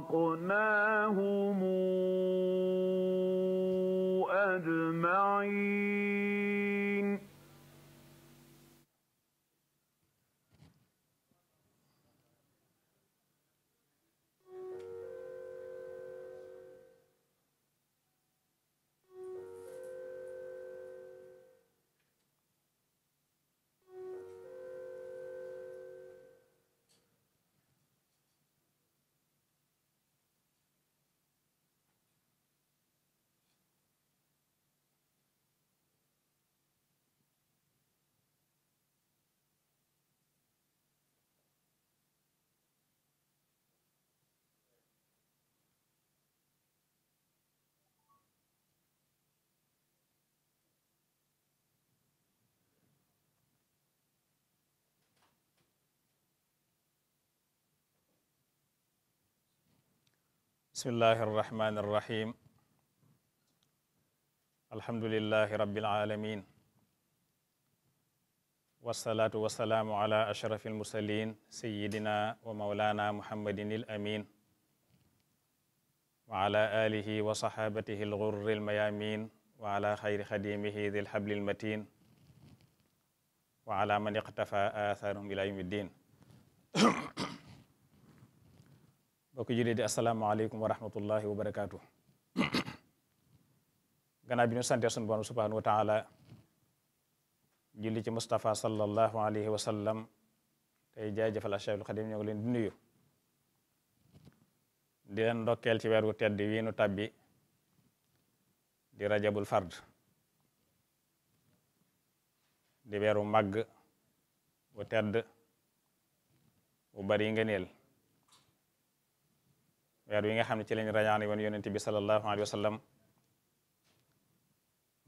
فَأَغْرَقْنَاهُمْ أَجْمَعِينَ bismillahi arrahmani irrahim alhamdulilahi rabilalamin wasalaatu wasalaamu ala ashrafi almursalin sayidina wa maulana muhammadin alamin wa ala alihi wa sahabatihi algurri almayamin wa ala xayri xadimihi di lhabli almatin wa ala man iqtafa atharum ila yawmi ddin mbokk jullit di asalaamaaleykum wa rahmatullahi wa barakaatu. gannaaw bi ñu sante sunu borom subhanahu wa ci Mustafa sallallahu alayhi wa sallam tey jaajëfal Cheikhul Xadim ñoo ngi leen di nuyu di ci weer wu tedd wii nu tàbbi di rajabul fard di weeru màgg wu tedd wu bari ngëneel weer wi nga xam ne ci lañ rañaane woon yonent bi sallallahu alayhi wa sallam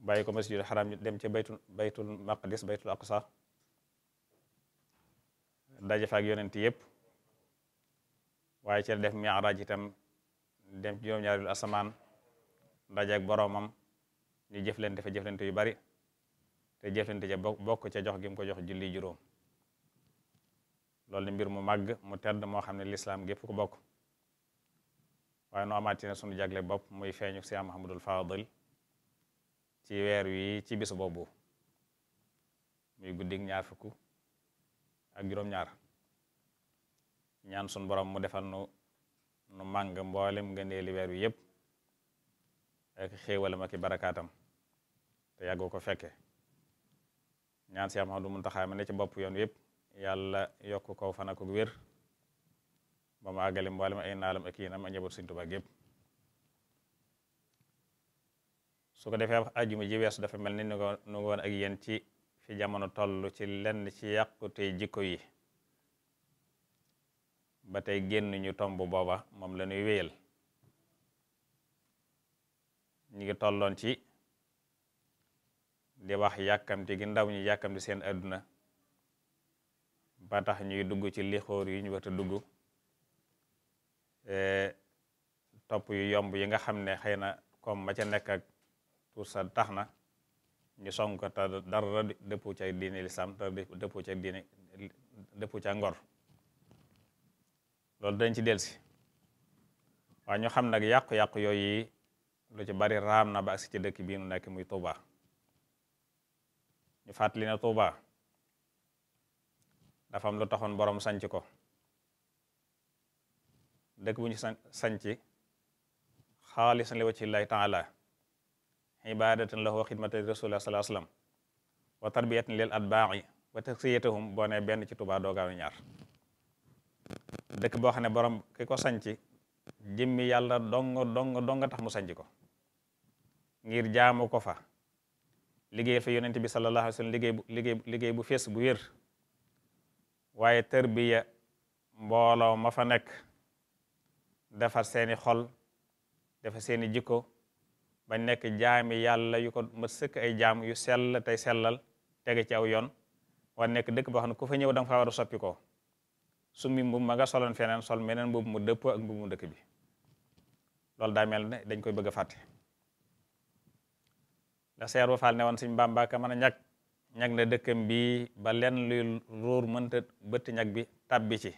bàyyi ko masjidul xaram dem ce baytul baytul maqdis baytul aqsa daje fa ak yonent yëpp waaye ci la def mi'raaj itam dem ci juróom-ñaareelu asamaan daje ak boroomam ñu fa jëflante yu bari te jëflante ca bokk ce jox gi ko jox julli juróom loolu ne mbir mu màgg mu tedd moo xam ne lislaam gépp ko bokk waaye nu amaati na sunu jagle bopp muy feeñu Cheikh Mahamadul Fadil ci weer wi ci bisu boobu muy guddig ñaar fukk ak juróom-ñaar ñaan sun borom mu defal nu nu màng mboolem ngëneeli weer wi yépp ak xéewalam ak barakaatam te yàggu ko fekke ñaan Cheikh Mahamadul Muntaxa ma ne ci bopp yoon yépp yàlla yokk ko fan ak wér ba ma àggale mboolem ay naalam ak yéenam a njaboot Sëriñ Tuubaa gépp su ko defee ajjuma ji weesu dafa mel ni nu nga woon ak yéen ci fi jamono toll ci lenn ci yàqute jikko yi ba tey génn ñu tomb booba moom la ñuy wéyal ñu ngi tolloon ci di wax yàkkamti gi ndaw ñi yàkkamti seen àdduna ba tax ñuy dugg ci lixóor yi ñu war dugg Eh, topp yu yomb yi nga xam ne xëy na comme ma ca nekk ak tout tax na ñu song ko te dara dëppu ca diine lislaam dara dëppu ca diine dëppu ca ngor loolu dañ ci delsi waa ñu xam nag yàqu-yàqu yooyu lu ci bari raam na ba agsi ci dëkk bii nu nekk muy Tuuba ñu fàttali ne Tuuba dafa am lu taxoon borom sanc ko dëkk bu ñu sanci xaalisan li wacci llahi taala ibadatan lahu wa xidmatan rasulillah salaa sallam wa tarbiyatan lil atbaai wa taksiyatahum boo ne benn ci tubaa doogaanu ñaar dëkk boo xam ne borom ki ko sanci jëmmi yàlla dong dong dong tax mu sanci ko ngir jaamu ko fa liggéey fa yonent bi sallallahu alayhi wa sallam liggéey bu liggéey bu fees bu wér waaye tarbiya mbooloo ma fa nekk defar seeni xol defar seeni jikko bañ nekk jaami yàlla yu ko ma sëkk ay jaam yu sell tey sellal tege ci aw yoon wa nekk dëkk boo xam ne ku fa ñëw da nga war a soppi ko summi mbubu ma nga soloon feneen sol meneen mbubu ma dëppoo ak mbubu mu dëkk bi loolu daa mel ne dañ koy bëgg a fàtte la seer bu faal ne woon suñ Bàmba ka mën ñag ñag na dëkkam bi ba lenn luy ruur mënta bëtt ñag bi tàbbi ci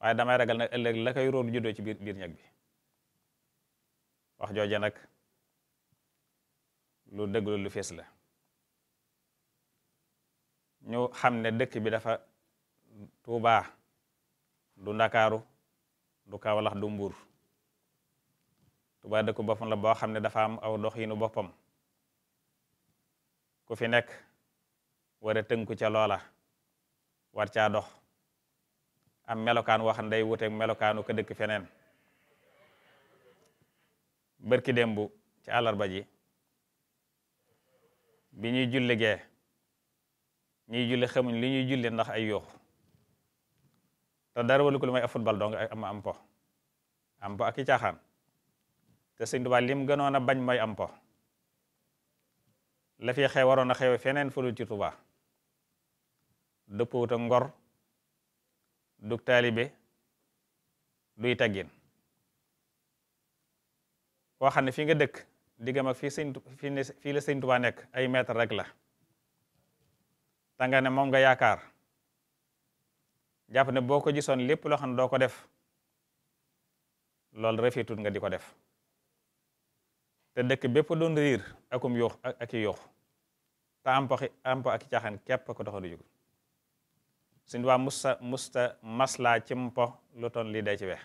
waaye damay ragal nag ëllëg la koy róoru juddoo ci biir biir ñag bi wax jooje nag lu dëgg lu fees la ñu xam ne dëkk bi dafa Tuubaa du Ndakaaru du Kaawlax du Mbuur Tuubaa dëkk boppam la boo xam ne dafa am aw doxinu boppam ku fi nekk war a tënku ca loola war caa dox am melokaan wax day wuteeg melokaanu ka dëkk feneen bërki démb ci àllarba ji bi ñuy julli gee ñuy julli xamuñ li ñuy julli ndax ay yoox te dara walu ko lu may a football dong am am po caaxaan te Sëñ Tuubaa lim gënoon a bañ may ampo po la fi xew waroon a xewe feneen fu dul ci Tuubaa dëppoo te ngor dug taalibe duy taggin koo xam ne fi nga dëkk diggam ak fii sëñ fii la sëñ Tuubaa nekk ay mètre rek la ta nga ne moom nga yaakaar jàpp ne boo ko gisoon lépp loo xam ne doo ko def loolu rafetul nga di ko def te dëkk bépp doon riir akum yoox ak i yoox te am po am po ak caaxaan képp ko tax a du jóg suñ waa musta musta masla ci mpo lu toon lii day ci we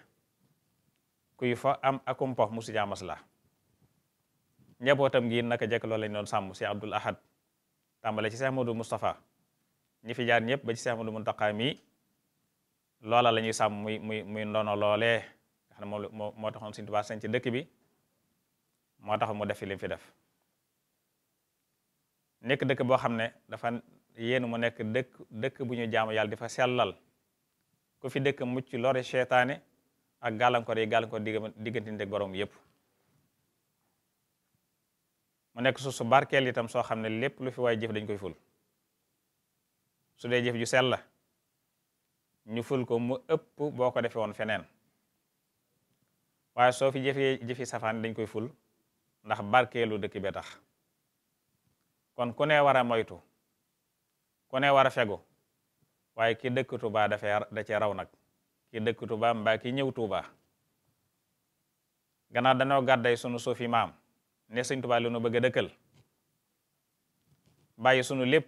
kuy fa am akum mpo musu jaa masla njabootam gi naka jekk loolu lañ doon sàmm si Abdul Ahad tàmbale ci Cheikh Modou Moustapha ñi fi jaar ñëpp ba ci Cheikh Modou Mountakha mi loola lañuy ñuy sàmm muy muy muy ndono loolee nga moo moo taxoon Sëñ Tuubaa ci dëkk bi moo taxoon mu def fi fi def nekk dëkk boo xam ne dafa yéen mu nekk dëkk dëkk bu ñu jaamu yàlla di fa sellal ku fi dëkk mucc lore seytaane ak gàllankoor yi gàllankoor diggante borom yépp mu nekk suuf su barkeel yitam soo xam ne lépp lu fi waay jëf dañ koy ful su dee jëf ju sell la ñu ful ko mu ëpp boo ko defee woon feneen waaye soo fi jëfee jëfi safaan dañ koy ful ndax barkeelu dëkk bee tax kon ku ne war a moytu ku ne war a fegu waaye ki dëkk Tuuba dafee da cee raw nag ki dëkk Tuuba mbaa ki ñëw Tuuba gannaaw dañoo gàdday sunu suufi maam ne sëñ Tuuba li nu bëgg a dëkkal bàyyi sunu lépp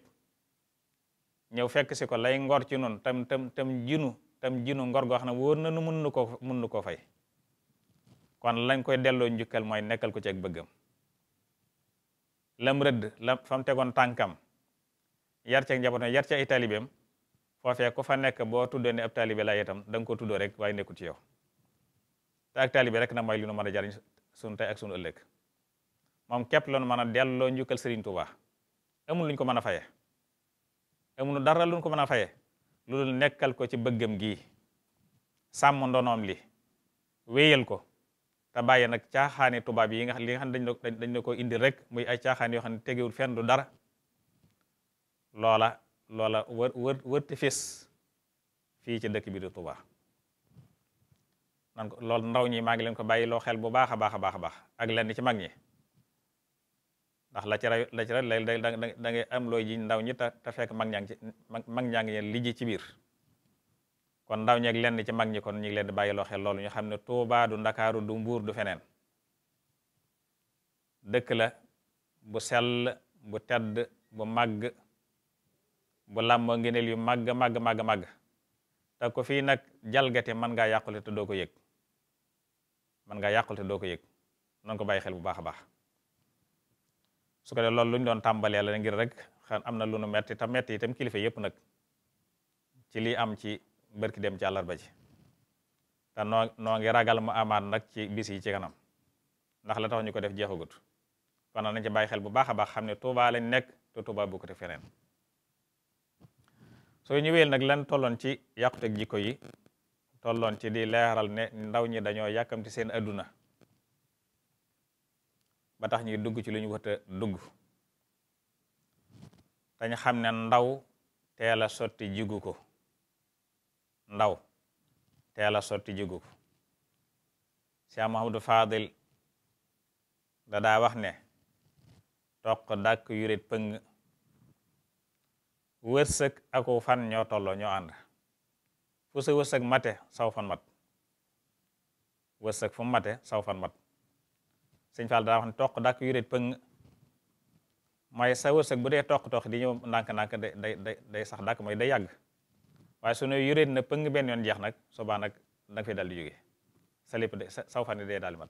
ñëw fekk si ko lay ngor ci nun tam tam tam jinu tam jinu ngor goo xam ne wóor na nu mun nu koo mun nu koo fay kon lañ koy delloo njukkal mooy nekkal ko ci ak bëggam lam rëdd la fa mu tegoon tànkam yar ca njabootam yar ca ay taalibeem foofee ku fa nekk boo tuddee ne ab taalibe la itam da ko tuddoo rek way nekkul ci yow te ak taalibe rek na mooy lu nu mën a jariñ sunu tey ak sunu ëllëg moom képp la nu mën a delloo njukkal sëriñ Touba amul luñ ko mën a faye amul dara luñ ko mën a faye loolu nekkal ko ci bëggam gii sàmm ndonoom li wéyal ko te bàyyi nag caaxaani tubaab yi nga xam li nga xam dañ dañ ko indi rek muy ay caaxaan yoo xam ne tegewul fenn du dara loola loola wër wër wërti fis fii ci dëkk bi di Tuuba nan ko loolu ndaw ñi maa ngi leen ko bàyyi loo xel bu baax a baax a baax a baax ak ci mag ñi ndax la ci ra la ci ra am looy ji ndaw ñi te fekk mag ñaa ngi ci mag ñaa ngi li ci biir kon ndaw ñeeg lenn ci mag ñi kon ñu ngi leen di bàyyi xel loolu ñu xam ne Tuuba du Ndakaaru du Mbuur du feneen dëkk la bu sell bu tedd bu màgg bu làmboo ngeneel yu màgg màgg màgg màgg te ko fii nag jalgate mën ngaa yàqule te doo ko yëg mën ngaa yàqule doo ko yëg nan bàyyi xel bu baax a baax su ko dee loolu lu doon tàmbalee la ngir rek xan am na lu metti te itam kilifa yëpp nag ci lii am ci barki dem ci ji te noo noo ngi ragal mu amaat nag ci bis yi ci kanam ndax la tax ñu ko def jeexagut kon nañ ci bàyyi xel bu baax a baax xam ne Tuubaa lañ nekk te ko bokkut feneen soo ñëwee nag lan tolloon ci yàquteg jikko yi tolloon ci di leeral ne ndaw ñi dañoo yàkkamti seen adduna ba tax ñuy dugg ci lu ñu wata dugg dañ xam ne ndaw teela a sotti jigu ko ndaw teela a sotti jigu ko Cheikh Mahamadou Fadil da daa wax ne toq dàkk yurit pëng wërsëg aku fan ñoo tolloo ñoo ànd fu sa wërsëg mate saw fan mat wërsëg fu mate saw fan mat sëñ Fall daa wax ne toq dàkk yuréet pëng mooy sa wërsëg bu dee toq-toq di ñëw ndànk-ndànk day day day sax dàkk mooy day yàgg waaye su ne yuréet na pëng benn yoon jeex nag soobaa nag da nga dal di jóge sa lépp de saw fan yi daal mat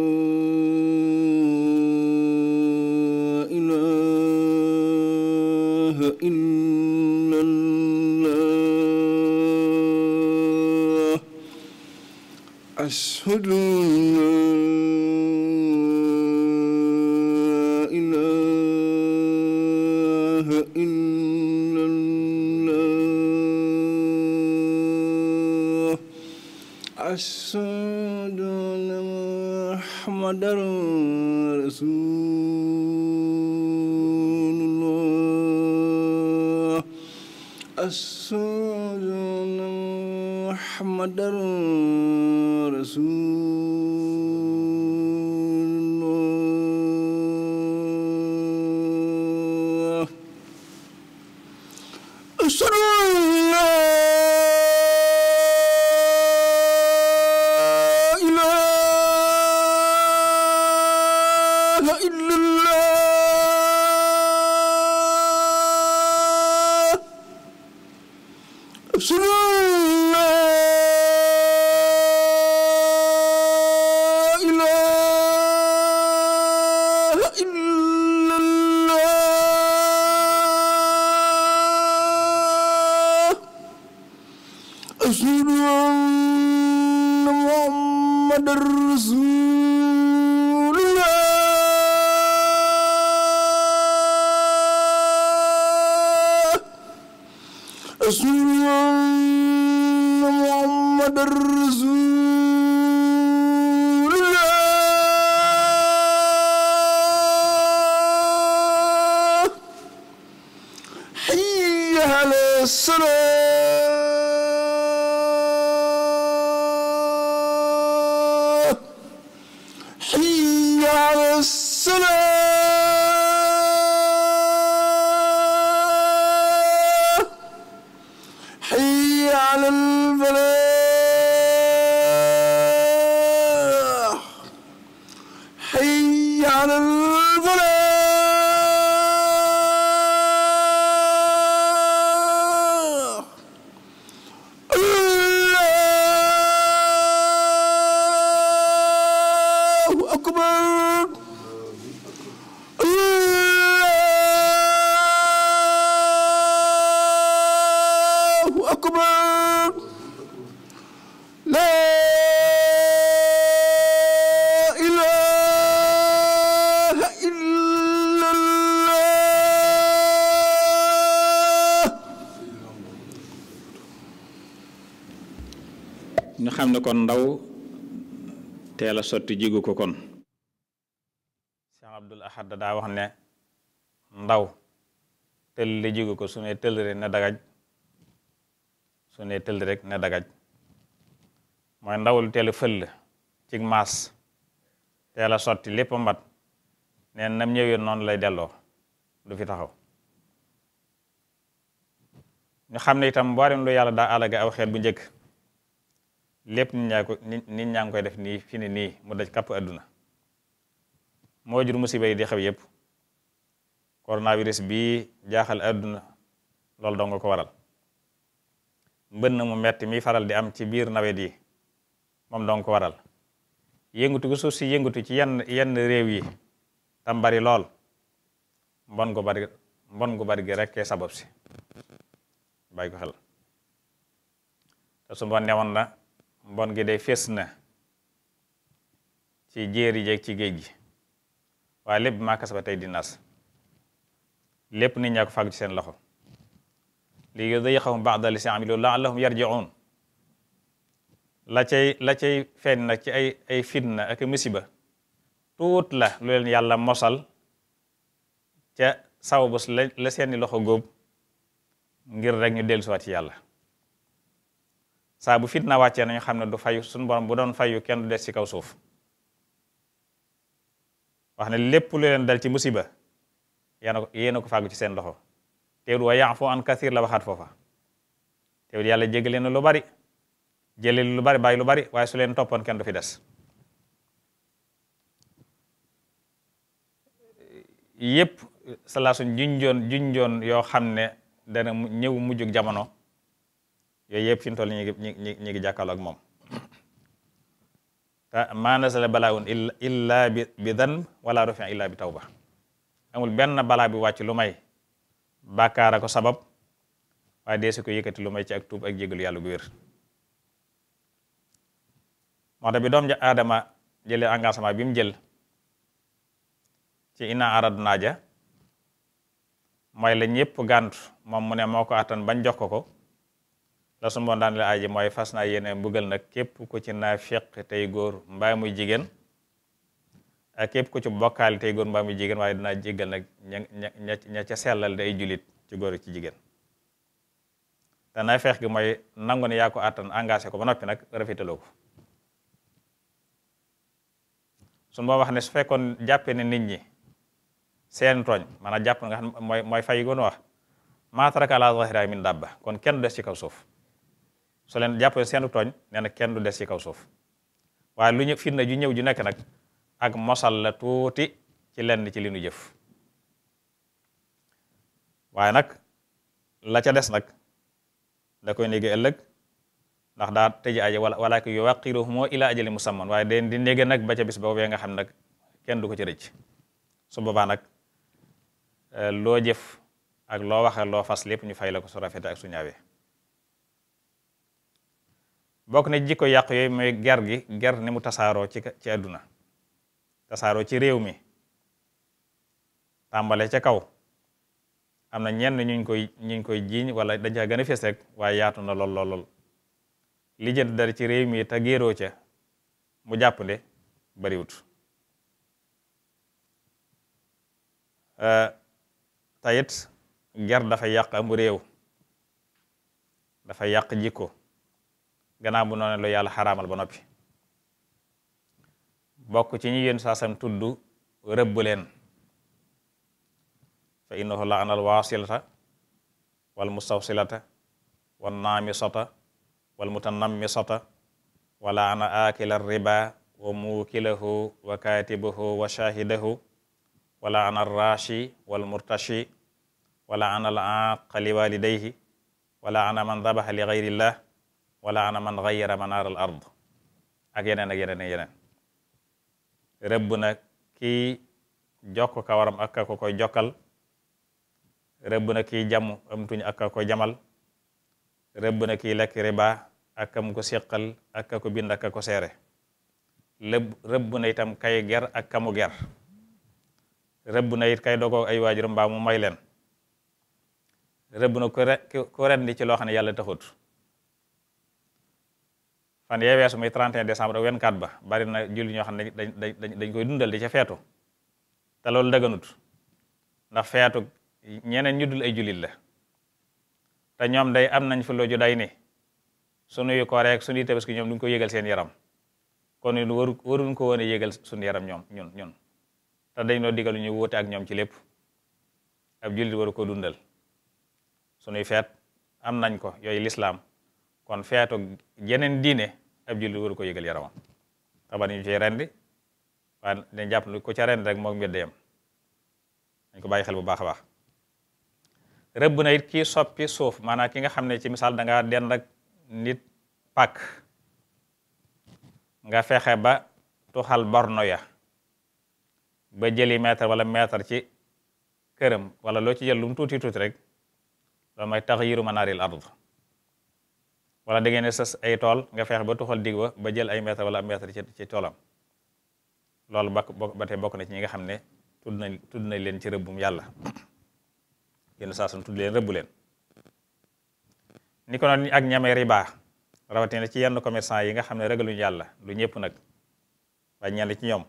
واشهدوا أشهد أن محمد رسول الله أشهد محمد رسول nekkoon ndaw teel a sotti jigu ko kon Cheikh Abdul Ahad daa wax ne ndaw tëll li jigu ko su ne tëll rek ne dagaj su ne rek ne dagaj mooy ndawul teelu fëll ci maas teel a sotti lépp mbat neen nam ñëwee noonu lay delloo du fi taxaw ñu xam ne itam mboolem lu yàlla daa alage aw xeet bu njëkk lépp nit ñaa ngi koy def nii fi ne nii mu daj kàpp àdduna moo jur musiba yi di xew yépp coronavirus bi jaaxal àdduna loolu dong ko waral mbënn mu metti mi faral di am ci biir nawet yi moom dong ko waral yëngatu suuf si yëngatu ci yenn yenn réew yi tam bari lool mbon gu bari mbon gu bari gi sabab si bàyyi ko xel te su mbon mbon gi day fés na ci jéeri jeeg ci géej gi waaye lépp maa kasaba tey di nas lépp nit ñaa ko fàggu ci seen loxo li yudiqahum ba'da llazii amilu la'allahum yarji'uun la cay la cay feeñ na ci ay ay fitna ak musiba tuut la lu leen yàlla mosal ca sawbus la seeni loxo góob ngir rek ñu dellusiwaat ci yàlla saabu fit na wàccee nañu xam ne du fay suñu borom bu doon fayu kenn du des ci kaw suuf wax ne lépp lu leen dal ci musiba yéena ko yéena ko ci seen loxo teewul wa ya'fu an kathir la waxaat foofa teewul yàlla jégal leen lu bari jëlee lu bari bàyyi lu bari waaye su leen toppoon kenn du fi des yépp salaasu junjoon junjoon yoo xam ne dana ñëw mujj jamono yooyu yëpp fi mu toll ñu ngi ñu ngi ñu ngi jàkkaarloo moom te maa nazala balaa'un illa bi dan wala tawba amul benn balaa bi wàcc lu may bàkkaara ko sabab waaye dee si ko yëkkati lu may ci ak tuub ak jégalu yàlla gu moo tax bi doom ja aadama jëlee engagement bi mu jël ci inna aradu naaja mooy la ñëpp gant moom mu ne moo ko attan bañ jox ko ko la suñu boon daan la aji mooy fas naa yéene mbugal nag képp ku na naafiq tey góor mbaa muy jigéen ak képp ku ci bokkaale tey góor mbaa jigéen waaye dinaa jéggal nag ña ña ca sellal day julit ci góor ci jigéen te feex gi mooy nangu ne yaa ko àttan engagé ko ba noppi nag rafetaloo ko suñu boo wax ne su fekkoon jàppee ne nit ñi seen tooñ maanaam jàpp nga xam mooy mooy fay goon wax maa taraka alaa zahira min dabba kon kenn des ci kaw suuf soleen leen seenu tooñ nee na kenn du des ci kaw suuf waaye lu ñu fitna ju ñëw ju nekk nag ak mosal la tuuti ci lenn ci li nu jëf waaye nag la ca des nag da koy néegi ëllëg ndax daa tëj aje wala walaaki yuwaqiruhumoo ila ajali musamman waaye den di néegi nag ba ca bis boobee nga xam nag kenn du ko ci rëcc su boobaa nag eh, loo jëf ak loo waxe loo fas lépp ñu fay la ko su rafete ak su ñaawee bokk na jikko yàq yooyu mooy ger gi ger ne mu tasaaroo ci ci àdduna tasaaroo ci réew mi tàmbale ca kaw am na ñenn ñuñ koy ñuñ koy jiiñ wala dañ caa gën a fees rek waaye yaatu na lool lool lool li ci réew mi te géeroo ca mu jàppande bariwut tayit ger dafa yàq am réew dafa yàq jikko gannaaw bu noonu lu yàlla xaraamal ba noppi ci ñi yéen saasam tudd rëbb leen fa innahu la anal waasilata wal mustawsilata wan wala ana aakila riba wa muukilahu wa kaatibahu wa shaahidahu wala ana raashi wal wala ana al aaqi wala ana man dabaxa wala ana man xayara manaar al ard ak yeneen ak yeneen rëbb na kii jokk kawaram ak ka koy jokkal rëbb na kii jamu amtuñ ak ka ko jamal rëbb na kii lekk riba ak kam ko seqal ak ka ko bind ak ka ko seere rëbb na itam kay ger ak kamu ger rëbb na it kay dogoo ay waajuram mbaa mu may leen rëbb na ku rendi ci loo xam ne yàlla taxut fan yee weesu muy 31 décembre ak 24 ba bari na julli ñoo xam ne dañ dañ dañ koy dundal di ca feetu te loolu daganut ndax feetu ñeneen ñu ay julit la te ñoom day am nañ fu looju day ni sunuy koor ak sunuy tabaski ñoom duñ koy yëgal seen yaram kon waru waruñ ko woon a yëgal yaram ñoom ñun ñun te dañ noo digal ñu wóote ak ñoom ci lépp ab jullit waru ko dundal sunuy feet am nañ ko yooyu lislaam kon feetu yeneen diine ab jullit waru ko yëgal yaramam tabar ñu ci rendi waaye dañ jàpp ne ku ca rendi rek mook mbir dayam dañ ko bàyyi xel bu baax a baax rëbb na it kii soppi suuf maanaam ki nga xam ne ci misaal da nga den rek nit pàkk nga fexe ba tuxal borno ya ba jëli mètre wala meetar ci këram wala loo ci jël lu tuuti tuuti rek loolu mooy taxyiru manaaril ard wala da ngeen sas ay tool nga feex ba tuxal dig ba ba jël ay mètre wala mètre ci ci toolam loolu ba ba tey bokk na ci nga xam ne tudd nañ tudd nañ leen ci rëbbum yàlla yenn saa suñ tudd leen rëbbu leen ni ko noonu ak ñamee riba rawatina ci yenn commerçant yi nga xam ne ragaluñu yàlla lu ñëpp nag waaye ñenn ci ñoom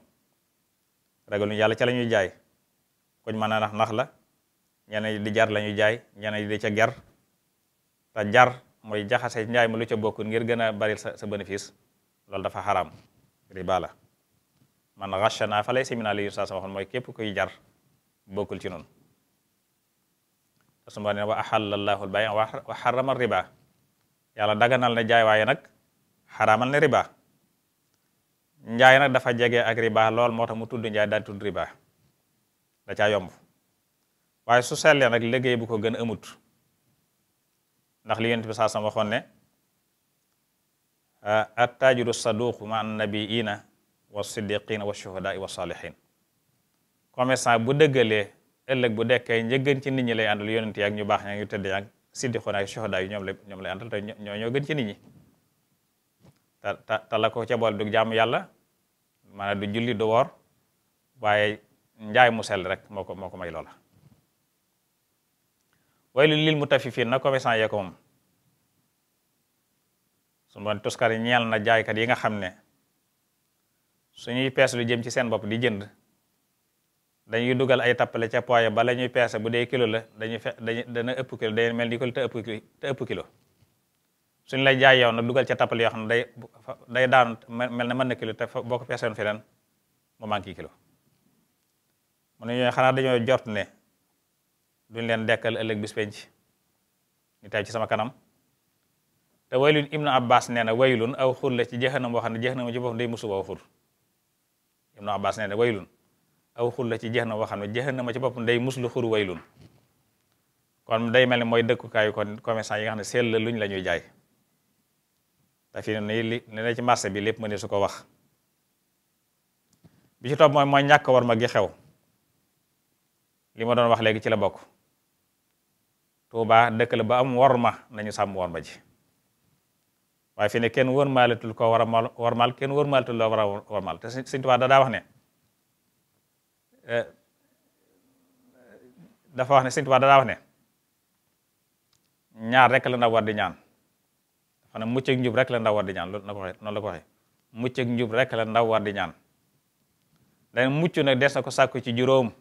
ragaluñu yàlla ca la ñuy jaay koñ mën a nax nax la ñenn di jar la ñuy jaay ñenn da ca gar te jar mooy jaxase njaay ma lu ca bokkul ngir gën a bari sa sa bénéfice loolu dafa xaraam riba la man rachana fa lay séminaire li saa sama waxoon mooy képp koy jar bokkul ci noonu te su ma wa ahalla llaahu al-bay'a wa harrama riba yàlla daganal na jaay waaye nag xaraamal na riba njaay nag dafa jege ak riba lool moo tax mu tudd njaay daal tudd riba da caa yomb waaye su sellee nag liggéey bu ko gën a amut ndax li yonent bi saa sam waxoon ne attajiru saduqu ma annabiina wa siddiqina wa shuhadaai wa salihin commerçant bu dëggalee ëllëg bu dekkee njëgën ci nit ñi lay àndal yonent yi ak ñu baax ña ñu tëdd ak siddiqoon ak shuhadaa yi ñoom la ñoom lay àndal te ñoo ñoo gën ci nit ñi te la ko ca bool du jaamu yàlla maanaam du julli du woor waaye njaay mu sell rek moo ko moo ko loola waylul lil mutaffifin na commerçant yee ko moom su ma toskari ñeel na jaaykat yi nga xam ne suñuy pees lu jëm ci seen bopp di jënd dañuy dugal ay tappale ca poids ba ñuy peese bu dee kilo la dañuy fe dañuy dana ëpp kilo day mel ni kilo suñ lay jaay dugal ca tappale yoo xam ne day day daan mel na mën na kilo te boo ko peesewoon feneen mu manqué kilo mu ne xanaa dañoo jot ne duñ leen dekkal ëllëg bis penc ni tay ci sama kanam te waylun ibnu abbas nee na waylun aw xur la ci jahannam boo xam ne jahannam ci boppam day musuba aw xur ibnu abbas nee na waylun aw xur la ci jahannam boo xam ne jahannam ci boppam day muslu xur waylun kon day mel ni mooy dëkkukaayu kon commerçant yi nga xam ne sell luñ la ñuy jaay te fii nii li ne ci marché bi lépp mënee su ko wax bi ci topp mooy mooy ñàkk war ma gi xew li ma doon wax léegi ci la bokk Tuubaa dëkk ba am worma nañu sàmm worma ji waaye fi ne kenn wërmaalatul ko war a wormaal kenn wërmaalatul loo war a wormaal te Sëñ Tuubaa da daa wax ne eh, dafa wax ne Sëñ Tuubaa ñaar rek la ndaw war di ñaan dafa ne njub rek la ndaw war di ñaan loolu na rek la ndaw des na ko sàkku ci juróom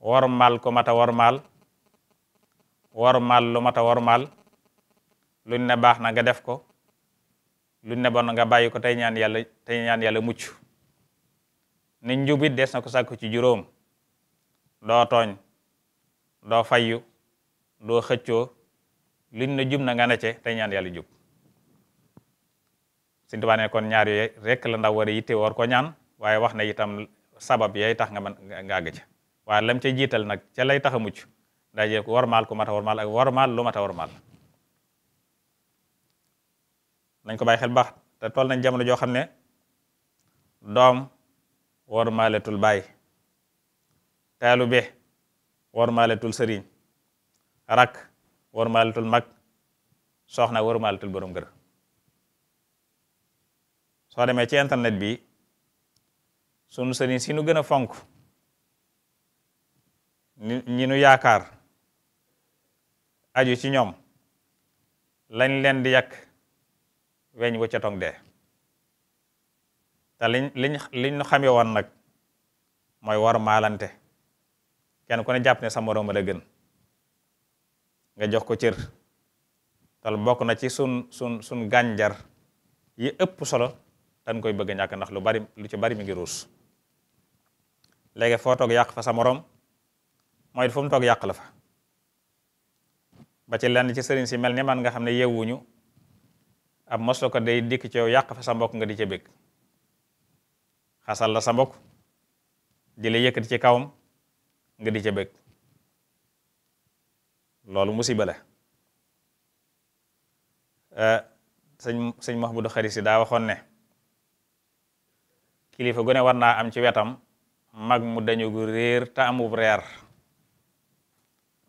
wormaal ko mata wormaal wormaal lu mat a wormaal lu ne baax na nga def ko lu ne bon nga bàyyi ko tey ñaan yàlla tey yàlla mucc ni njubit des na ko sàkku ci juróom doo tooñ doo fayyu doo xëccoo lu ne jub na nga ne ce tey ñaan yàlla jub Sëñ ñaar yooyu rekk la ndaw war yitte war ko ñaan waaye wax na itam sabab yay tax nga mën nga àgg ca lam ca jiital nag ca lay tax a mucc daje warmaal ku mat a warmaal ak warmaal lu mat a warmaal nañ ko bàyyi xel baax te toll nañ jamono joo xam ne doom warmaaletul bàyyi taalube warmaaletul sëriñ rak warmaaletul mag soxna warmaaletul borom kër soo demee ci internet bi sunu sëriñ si nu gën a fonk ñi nu yaakaar aju ci ñoom lañ leen di yàq weñ wu ca tong de te liñ liñ liñ xame woon nag mooy war maalante kenn ku ne jàpp ne sa moroom la gën nga jox ko cër tal bokk na ci sun sun sun gànjar yi ëpp solo dañ koy bëgg ñàkk ndax lu bari lu ci bari mi ngi ruus léegi foo toog yàq fa sa moroom mooy fu toog yàq la fa ba ci lenn ci sëriñ si mel ni man nga xam ne yewuñu ab mosla ko day dikk ci yow yàq fa sa mbokk nga di ca bëgg xasal la sa mbokk di la yëkkati ci kawam nga di ca bëgg loolu musiba la eh, sëñ sëñ Mahmoudou Xarisi daa waxoon ne kilifa gu ne war naa am ci wetam mag mu dañu gu réer te amub reer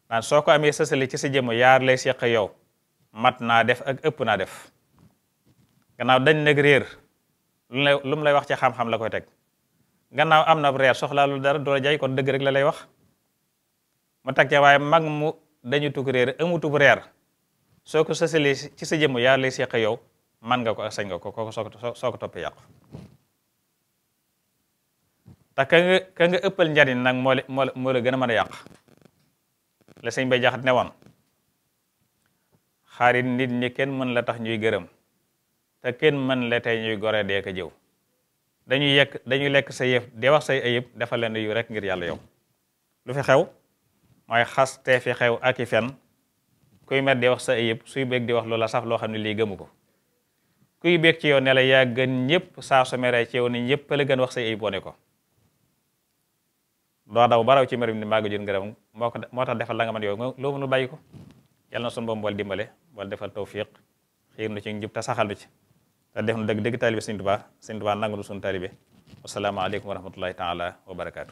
naan soo ko amee sësali ci sa jëmm yaar lay seq yow mat naa def ak ëpp naa def gannaaw dañ nag réer lu lay lay wax ci xam-xam la koy teg gannaaw am na reer soxlaa lu dara doola jaay kon dëgg rek la lay wax mu teg ca waaye mag mu dañu tukk réer amutub reer soo ko sësali ci sa jëmm yaar lay seq yow man nga ko ak sañ nga ko kooku soo ko toppee yàqu te ka nga ëppal njariñ nag moo la moo la gën a mën a yàq la sëñ bay jaxat ne woon xarit nit ñi kenn mën la tax ñuy gërëm te kenn mën la tey ñuy gore dee ka jëw dañuy yekk dañuy lekk sa yëf de wax say ayib dafa leen yu rek ngir yàlla yow lu fi xew mooy xas te fi xew ak i fen kuy met di wax sa ayib suy beeg di wax loola saf loo xam ne lii gëmu ko kuy bëgg ci yow ne la yaa gën ñëpp saa su meree ci yow ni ñëpp la gën wax say ayib wane ko doo daw baraw ci mbirum ni maa ngi jël ngërëm moo ko moo tax defal la nga mën yow loo mënul bàyyi na sunu boom bool dimbale wala defal tawfiq xiir nu ci njub te saxal nu ci te def nu dëgg dëgg taalibe Sëriñ Tuubaa Sëriñ Tuubaa nangul sunu taalibe wasalaamaaleykum wa rahmatullahi taala wa barakaatu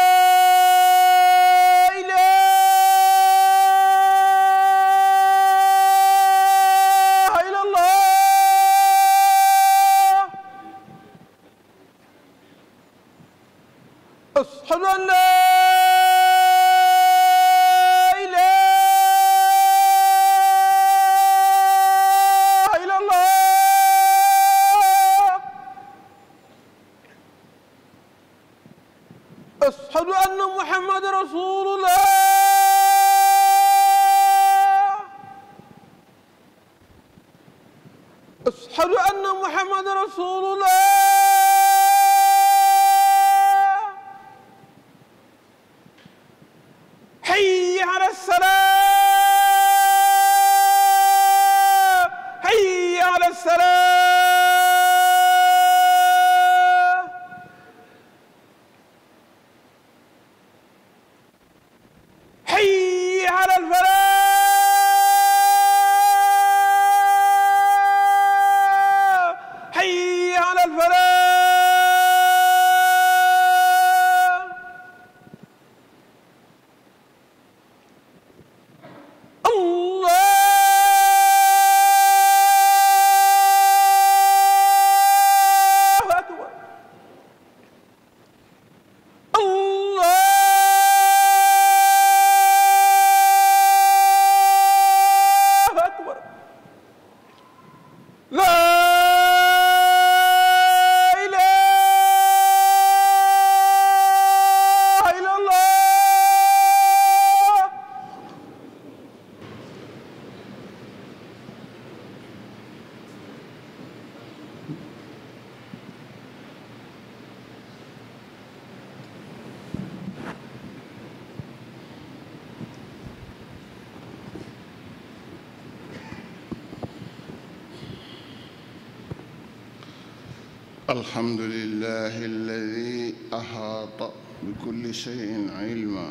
الحمد لله الذي أحاط بكل شيء علما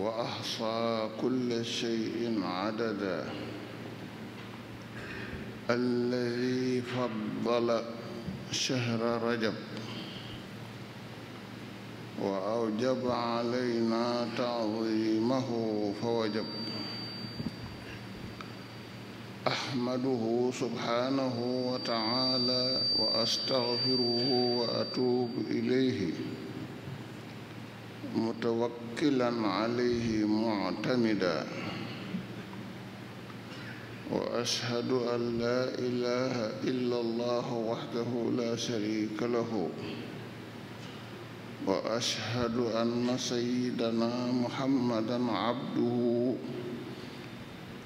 وأحصى كل شيء عددا الذي فضل شهر رجب وأوجب علينا تعظيمه فوجب أحمده سبحانه وتعالى وأستغفره وأتوب إليه متوكلا عليه معتمدا وأشهد أن لا إله إلا الله وحده لا شريك له وأشهد أن سيدنا محمدا عبده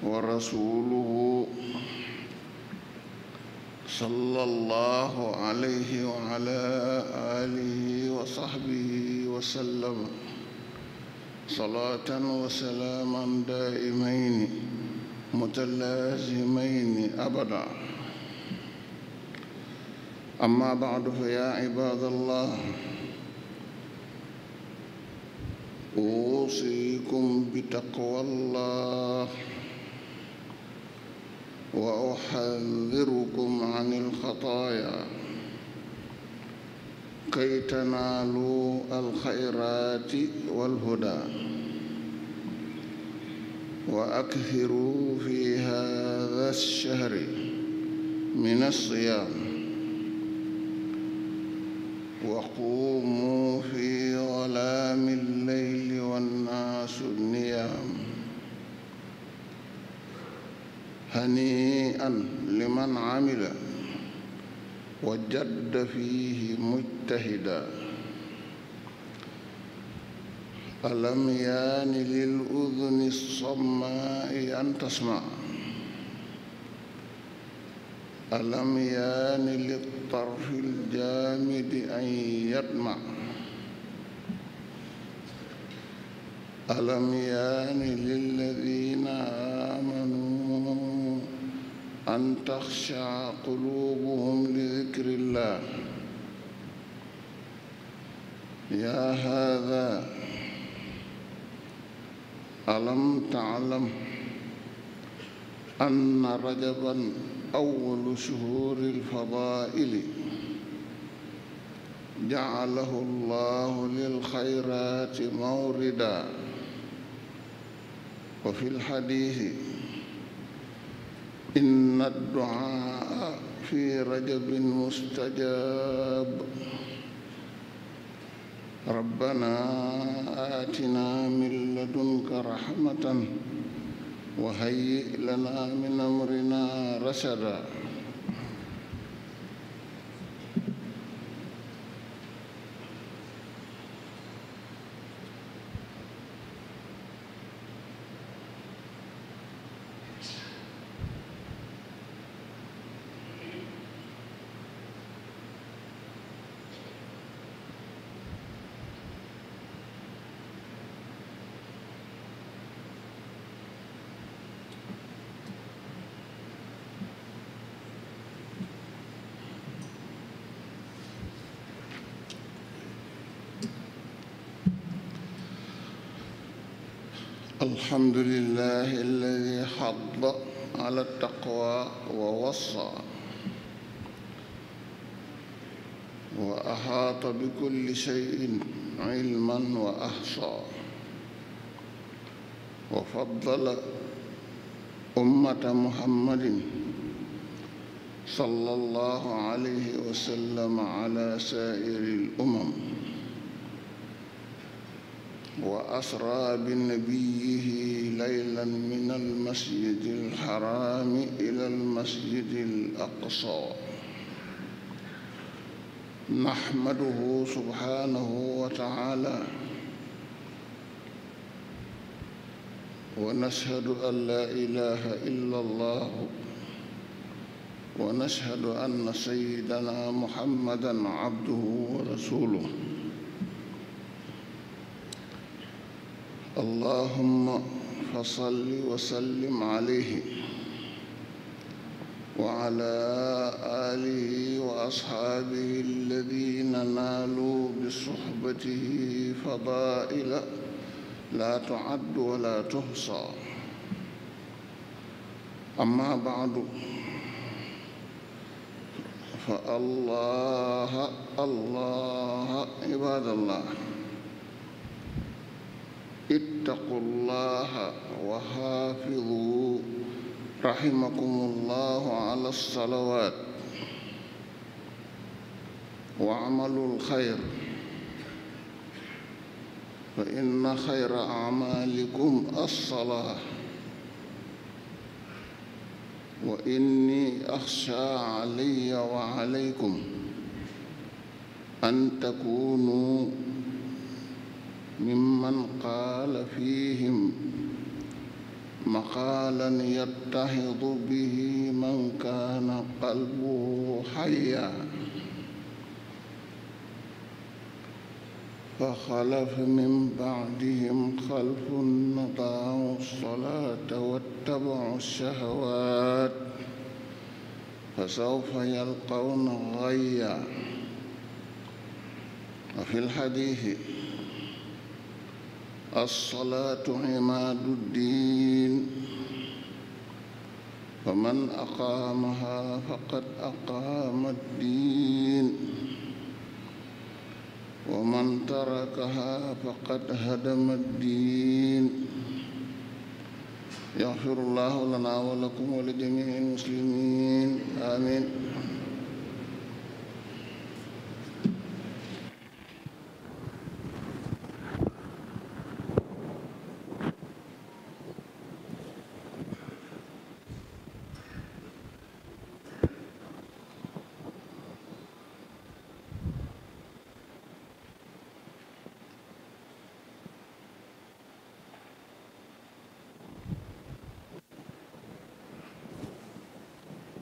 ورسوله صلى الله عليه وعلى آله وصحبه وسلم صلاة وسلاما دائمين متلازمين أبدا أما بعد فيا عباد الله أوصيكم بتقوى الله وأحذركم عن الخطايا كي تنالوا الخيرات والهدى وأكثروا في هذا الشهر من الصيام وقوموا في ظلام الليل والناس نيام هنيئا لمن عمل وجد فيه مجتهدا ألم يان للأذن الصماء أن تسمع ألم يان للطرف الجامد أن يطمع ألم يان للذين آمنوا أن تخشع قلوبهم لذكر الله يا هذا ألم تعلم أن رجبا أول شهور الفضائل جعله الله للخيرات موردا وفي الحديث inna duaa fi rajabin mustajab rabbana aatina min ladunka rahmatan wa hayyi lana min amrina rashada الحمد لله الذي حض على التقوى ووصى وأحاط بكل شيء علما وأحصى وفضل أمة محمد صلى الله عليه وسلم على سائر الأمم وأسرى بنبيه ليلا من المسجد الحرام إلى المسجد الأقصى نحمده سبحانه وتعالى ونشهد أن لا إله إلا الله ونشهد أن سيدنا محمدا عبده ورسوله اللهم فصل وسلم عليه وعلى آله وأصحابه الذين نالوا بصحبته فضائل لا تعد ولا تحصى أما بعد فالله الله عباد الله اتقوا الله وحافظوا رحمكم الله على الصلوات واعملوا الخير فإن خير أعمالكم الصلاة وإني أخشى علي وعليكم أن تكونوا ممن قال فيهم مقالا يتحظ به من كان قلبه حيا فخلف من بعدهم خلف أضاعوا الصلاة واتبعوا الشهوات فسوف يلقون غيا وفي الحديث الصلاة عماد الدين ومن أقامها فقد أقام الدين ومن تركها فقد هدم الدين يغفر الله لنا ولكم ولجميع المسلمين آمين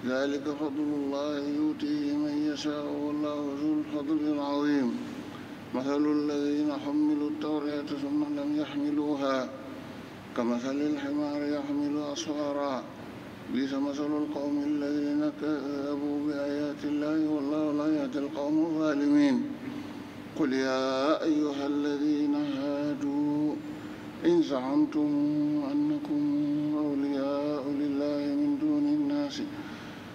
dalika fadlullahi yu'tiihi man yashaa'u wallaahu zul fadlil aziim masalul lazina xammilu tawraata summa lam yaxmiluuha kamasalil ximaari yaxmilu asfaaraa biisa masalul qawmi lazina kazzabuu bi aayaati llaahi wallaahu laa yahdil qawma zaalimiin qul yaa ayyuhal lazina haaduu in zacamtum annakum awliyaa'u lillaahi min duuni nnaasi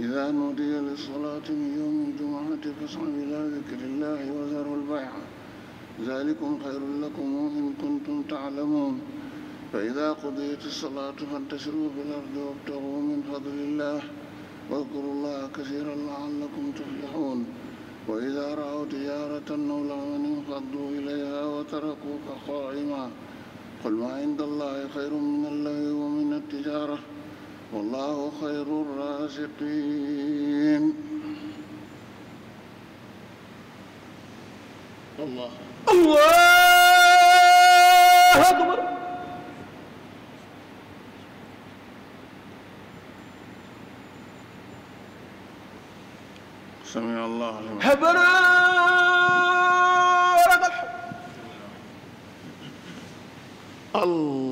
إذا نودي للصلاة من يوم الجمعة فاسعوا إلى ذكر الله وذروا البيع ذلكم خير لكم إن كنتم تعلمون فإذا قضيت الصلاة فانتشروا في الأرض وابتغوا من فضل الله واذكروا الله كثيرا لعلكم تفلحون وإذا رأوا تجارة أو لعبا انفضوا إليها وتركوك قائما قل ما عند الله خير من الله ومن التجارة والله خير الرازقين الله الله أكبر سمع الله لمن تبارك الحمد الله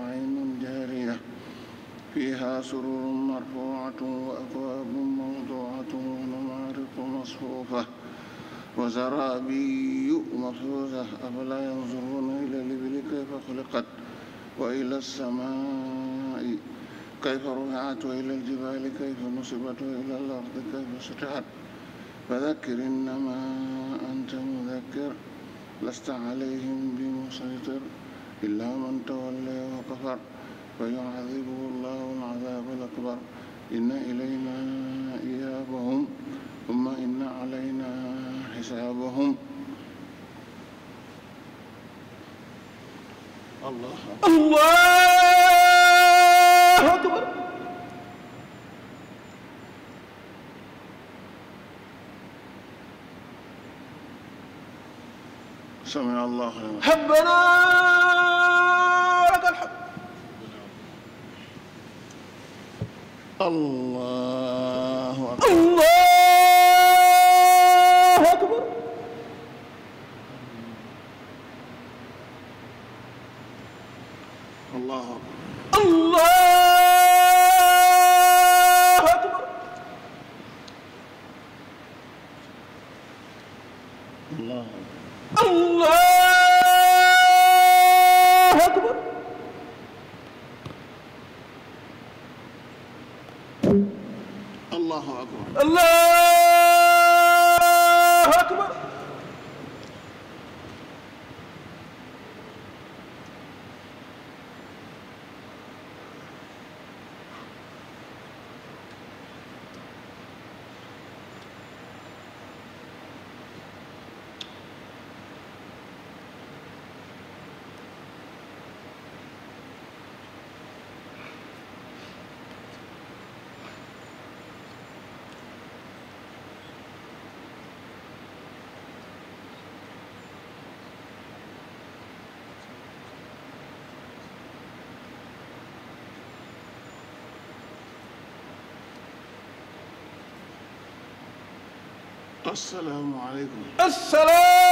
فيها سرور مرفوعة وأكواب موضوعة ونمارق مصفوفة وزرابي مبثوثة أفلا ينظرون إلى الإبل كيف خلقت وإلى السماء كيف رفعت وإلى الجبال كيف نصبت وإلى الأرض كيف سطحت فذكر إنما أنت مذكر لست عليهم بمسيطر إلا من تولى وكفر فيعذبه الله العذاب الأكبر إن إلينا إيابهم ثم إن علينا حسابهم الله الله أكبر سمع الله لمن حبنا الله أكبر الله أكبر asalaamaaleykum. asalaam.